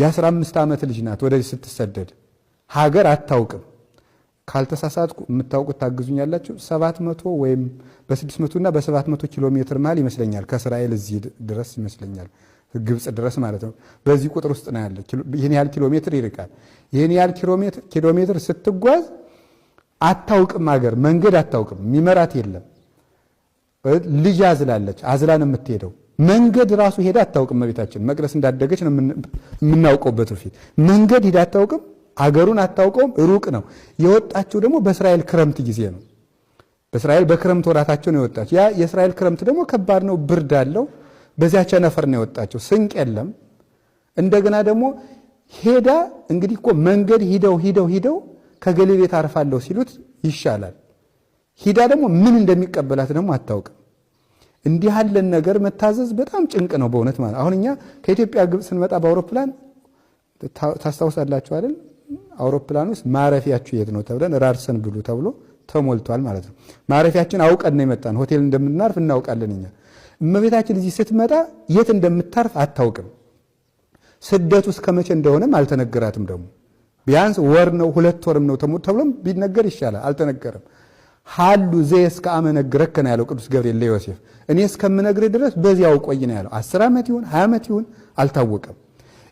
የ15 ዓመት ልጅ ናት ወደዚህ ስትሰደድ ሀገር አታውቅም። ካልተሳሳትኩ የምታውቁት ታግዙኛላችሁ። 700 ወይም በ600 እና በ700 ኪሎ ሜትር መሀል ይመስለኛል ከእስራኤል እዚህ ድረስ ይመስለኛል ግብፅ ድረስ ማለት ነው። በዚህ ቁጥር ውስጥ ነው ያለ። ይህን ያህል ኪሎ ሜትር ይርቃል። ይህን ያህል ኪሎ ሜትር ስትጓዝ አታውቅም፣ ሀገር መንገድ አታውቅም፣ የሚመራት የለም። ልጅ አዝላለች። አዝላን የምትሄደው መንገድ ራሱ ሄዳ አታውቅም። መቤታችን መቅደስ እንዳደገች ነው የምናውቀው። በትውፊት መንገድ ሄዳ አታውቅም። አገሩን አታውቀውም። ሩቅ ነው። የወጣችው ደግሞ በእስራኤል ክረምት ጊዜ ነው። በእስራኤል በክረምት ወራታቸው ነው የወጣችው። ያ የእስራኤል ክረምት ደግሞ ከባድ ነው፣ ብርድ አለው። በዚያ ቸነፈር ነው የወጣቸው። ስንቅ የለም። እንደገና ደግሞ ሄዳ እንግዲህ እኮ መንገድ ሂደው ሂደው ሂደው ከገሌ ቤት አርፋለሁ ሲሉት ይሻላል። ሂዳ ደግሞ ምን እንደሚቀበላት ደግሞ አታውቅም። እንዲህ ያለን ነገር መታዘዝ በጣም ጭንቅ ነው በእውነት ማለት። አሁን እኛ ከኢትዮጵያ ግብፅ ስንመጣ በአውሮፕላን ታስታውሳላችሁ አይደል? አውሮፕላን ውስጥ ማረፊያችሁ የት ነው ተብለን ራርሰን ብሉ ተብሎ ተሞልቷል ማለት ነው። ማረፊያችን አውቀን ነው የመጣን። ሆቴል እንደምናርፍ እናውቃለን እኛ። እመቤታችን እዚህ ስትመጣ የት እንደምታርፍ አታውቅም። ስደቱ እስከ መቼ እንደሆነም አልተነገራትም። ደግሞ ቢያንስ ወር ነው ሁለት ወርም ነው ተብሎም ቢነገር ይሻላል። አልተነገረም። ሀሉ ዘይ እስከ አመነግረክ ነው ያለው ቅዱስ ገብርኤል ለዮሴፍ። እኔ እስከምነግርህ ድረስ በዚያው ቆይ ነው ያለው። አስር ዓመት ይሁን ሀያ ዓመት ይሁን አልታወቀም።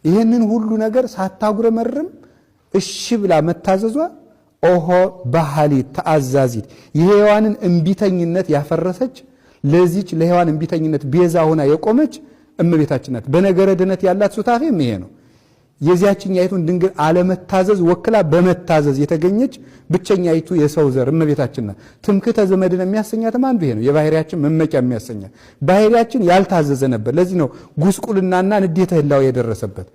ይህንን ሁሉ ነገር ሳታጉረመርም እሺ ብላ መታዘዟ ኦሆ ባህሊ ተአዛዚት የሔዋንን እምቢተኝነት ያፈረሰች ለዚች ለሔዋን እምቢተኝነት ቤዛ ሆና የቆመች እመቤታችን ናት። በነገረ ድነት ያላት ሱታፌም ይሄ ነው። የዚያችን ያይቱን ድንግል አለመታዘዝ ወክላ በመታዘዝ የተገኘች ብቸኛ ይቱ የሰው ዘር እመቤታችን ናት። ትምክህተ ዘመድን የሚያሰኛትም አንዱ ይሄ ነው። የባህሪያችን መመቂያ የሚያሰኛት ባህሪያችን ያልታዘዘ ነበር። ለዚህ ነው ጉስቁልናና ንዴተ ህላው የደረሰበት።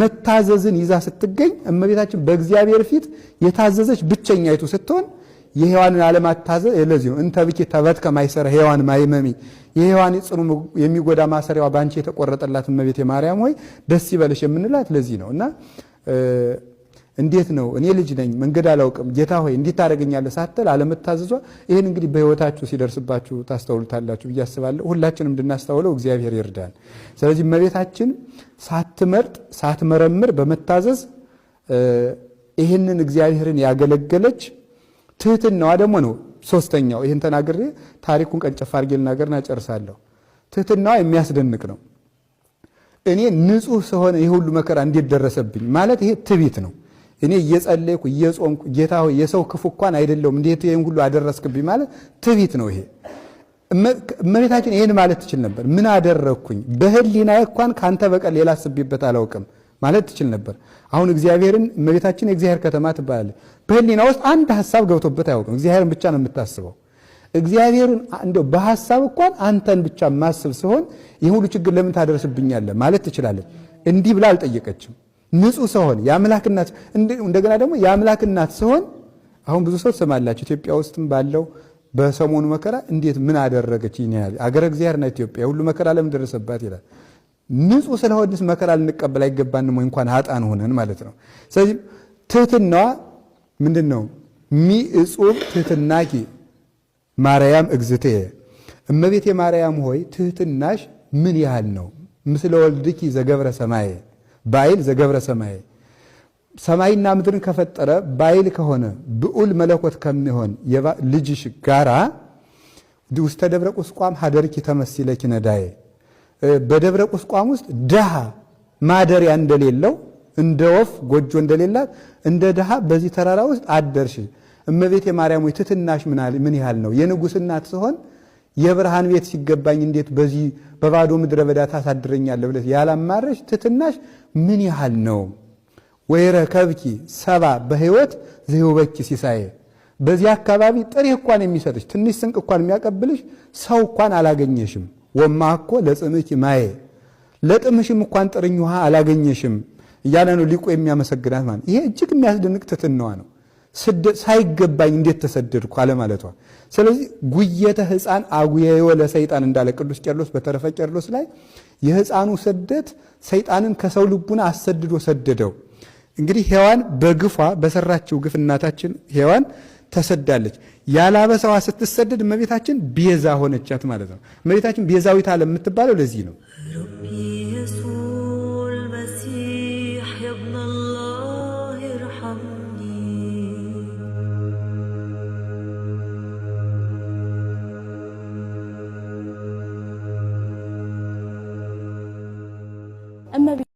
መታዘዝን ይዛ ስትገኝ እመቤታችን በእግዚአብሔር ፊት የታዘዘች ብቸኛ ይቱ ስትሆን የሔዋንን አለማታዘዝ ለዚህ ነው። እንተ ብኪ ተበትከ ማይሰረ ሔዋን ማይመሚ የሔዋን ጽኑ የሚጎዳ ማሰሪያዋ በአንቺ የተቆረጠላት እመቤቴ ማርያም ሆይ ደስ ይበልሽ የምንላት ለዚህ ነው እና እንዴት ነው እኔ ልጅ ነኝ መንገድ አላውቅም ጌታ ሆይ እንዴት ታደርገኛለህ ሳትል አለመታዘዟ ይህን እንግዲህ በህይወታችሁ ሲደርስባችሁ ታስተውሉታላችሁ ብዬ አስባለሁ። ሁላችንም እንድናስተውለው እግዚአብሔር ይርዳን ስለዚህ እመቤታችን ሳትመርጥ ሳትመረምር በመታዘዝ ይህንን እግዚአብሔርን ያገለገለች ትህትናዋ ደግሞ ነው ሶስተኛው። ይህን ተናግሬ ታሪኩን ቀንጨፍ አድርጌ ልናገርና ጨርሳለሁ። ትህትናዋ የሚያስደንቅ ነው። እኔ ንጹህ ስሆነ ይህ ሁሉ መከራ እንዴት ደረሰብኝ ማለት ይሄ ትቢት ነው። እኔ እየጸለይኩ እየጾምኩ ጌታ ሆይ የሰው ክፉ እንኳን አይደለሁም እንዴት ይህን ሁሉ አደረስክብኝ ማለት ትቢት ነው ይሄ። እመቤታችን ይህን ማለት ትችል ነበር። ምን አደረግኩኝ? በህሊና እንኳን ከአንተ በቀር ሌላ አስቤበት አላውቅም ማለት ትችል ነበር። አሁን እግዚአብሔርን እመቤታችን የእግዚአብሔር ከተማ ትባላለች። በህሊና ውስጥ አንድ ሀሳብ ገብቶበት አያውቅም። እግዚአብሔርን ብቻ ነው የምታስበው። እግዚአብሔርን እንደው በሀሳብ እንኳን አንተን ብቻ ማስብ ሲሆን ይህ ሁሉ ችግር ለምን ታደርስብኛለህ ማለት ትችላለች። እንዲህ ብላ አልጠየቀችም። ንጹህ ሰሆን የአምላክ እናት እንደገና ደግሞ የአምላክ እናት ስሆን አሁን ብዙ ሰው ትሰማላችሁ ኢትዮጵያ ውስጥም ባለው በሰሞኑ መከራ እንዴት ምን አደረገች ይህን ያህል አገረ እግዚአብሔርና ኢትዮጵያ ሁሉ መከራ ለምን ደረሰባት ይላል ንጹህ ስለሆንስ መከራ ልንቀበል አይገባንም ወይ? እንኳን ሀጣን ሆነን ማለት ነው። ስለዚህ ትህትናዋ ምንድን ነው? ሚእጹብ ትህትናኪ ማርያም እግዝትየ እመቤቴ ማርያም ሆይ ትህትናሽ ምን ያህል ነው? ምስለ ወልድኪ ዘገብረ ሰማየ ባይል ዘገብረ ሰማየ ሰማይና ምድርን ከፈጠረ ባይል ከሆነ ብዑል መለኮት ከሚሆን ልጅሽ ጋራ ውስተ ደብረ ቁስቋም ሀደርኪ ተመሲለኪ ነዳዬ በደብረ ቁስቋም ውስጥ ድሃ ማደሪያ እንደሌለው እንደ ወፍ ጎጆ እንደሌላት እንደ ድሃ በዚህ ተራራ ውስጥ አደርሽ። እመቤት የማርያም ወይ ትትናሽ ምን ያህል ነው? የንጉሥ እናት ስሆን የብርሃን ቤት ሲገባኝ እንዴት በዚህ በባዶ ምድረ በዳ ታሳድረኛለ? ብለሽ ያላማረሽ ትትናሽ ምን ያህል ነው? ወይረከብኪ ሰባ በሕይወት ዘህውበኪ ሲሳየ በዚህ አካባቢ ጥሬ እንኳን የሚሰጥሽ ትንሽ ስንቅ እንኳን የሚያቀብልሽ ሰው እንኳን አላገኘሽም። ወማኮ ለጽምች ማየ ለጥምሽም እንኳን ጥርኝ ውሃ አላገኘሽም እያለ ነው ሊቁ የሚያመሰግናት ማለት ይሄ እጅግ የሚያስደንቅ ትትናዋ ነው። ሳይገባኝ እንዴት ተሰደድኩ አለማለቷ። ስለዚህ ጉየተ ህፃን አጉየዮ ለሰይጣን እንዳለ ቅዱስ ቄርሎስ በተረፈ ቄርሎስ ላይ የህፃኑ ስደት ሰይጣንን ከሰው ልቡን አሰድዶ ሰደደው። እንግዲህ ሔዋን በግፏ በሰራችው ግፍ እናታችን ሔዋን ተሰዳለች። ያላበሰዋ ስትሰደድ እመቤታችን ቤዛ ሆነቻት ማለት ነው። እመቤታችን ቤዛዊት ዓለም የምትባለው ለዚህ ነው።